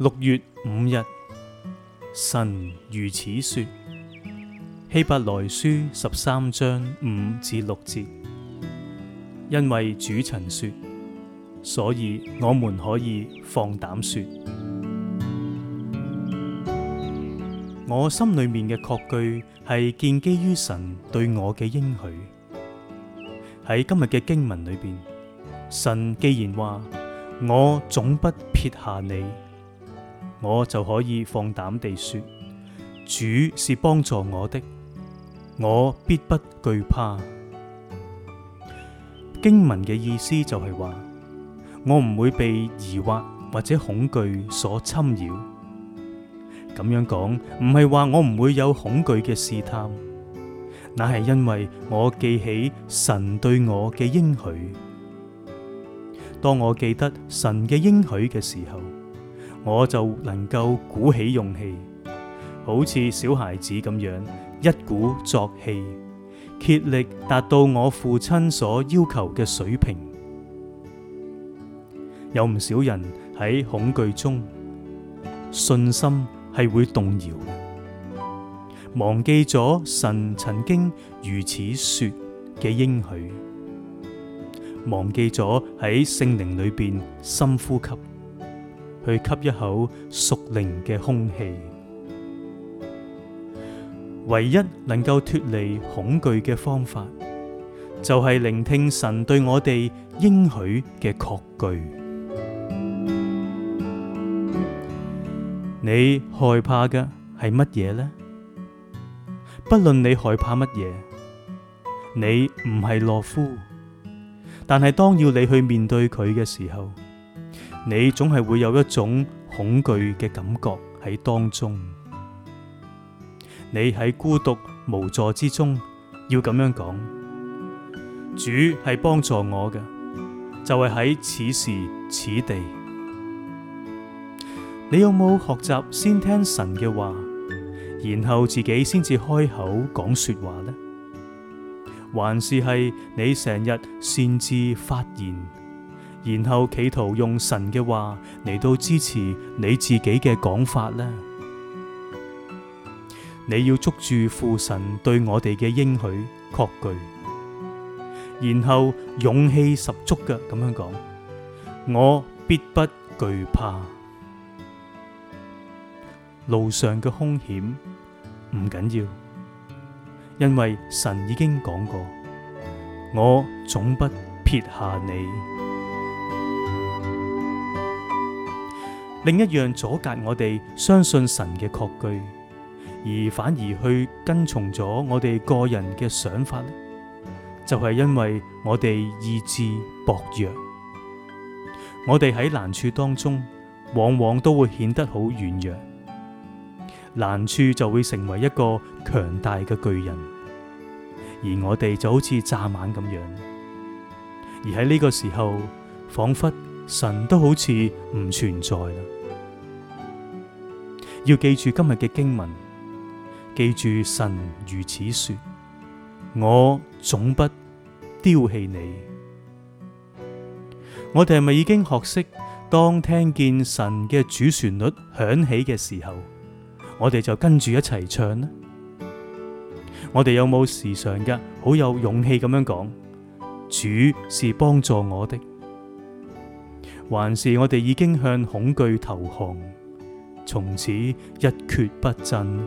六月五日，神如此說：希伯來書十三章五至六節。因為主曾說，所以我們可以放膽說，我心裏面嘅確據係建基於神對我嘅應許。喺今日嘅經文裏邊，神既然話我總不撇下你。我就可以放膽地說，主是幫助我的，我必不懼怕。經文嘅意思就係話，我唔會被疑惑或者恐懼所侵擾。咁樣講，唔係話我唔會有恐懼嘅試探，那係因為我記起神對我嘅應許。當我記得神嘅應許嘅時候，我就能夠鼓起勇氣，好似小孩子咁樣，一鼓作氣，竭力達到我父親所要求嘅水平。有唔少人喺恐懼中，信心係會動搖，忘記咗神曾經如此說嘅應許，忘記咗喺聖靈裏邊深呼吸。去吸一口屬靈嘅空氣，唯一能夠脫離恐懼嘅方法，就係聆聽神對我哋應許嘅確據。你害怕嘅係乜嘢呢？不論你害怕乜嘢，你唔係懦夫，但係當要你去面對佢嘅時候。你總係會有一種恐懼嘅感覺喺當中，你喺孤獨無助之中，要咁樣講，主係幫助我嘅，就係喺此時此地。你有冇學習先聽神嘅話，然後自己先至開口講說話呢？還是係你成日擅自發言？然後企圖用神嘅話嚟到支持你自己嘅講法呢。你要捉住父神對我哋嘅應許、確據，然後勇氣十足嘅咁樣講，我必不懼怕路上嘅凶險唔緊要，因為神已經講過，我總不撇下你。另一樣阻隔我哋相信神嘅確據，而反而去跟從咗我哋個人嘅想法，就係、是、因為我哋意志薄弱。我哋喺難處當中，往往都會顯得好軟弱，難處就會成為一個強大嘅巨人，而我哋就好似蚱蜢咁樣。而喺呢個時候，仿佛。神都好似唔存在啦！要記住今日嘅經文，記住神如此說：我總不丟棄你。我哋係咪已經學識當聽見神嘅主旋律響起嘅時候，我哋就跟住一齊唱呢？我哋有冇時常嘅好有勇氣咁樣講：主是幫助我的？還是我哋已經向恐懼投降，從此一蹶不振。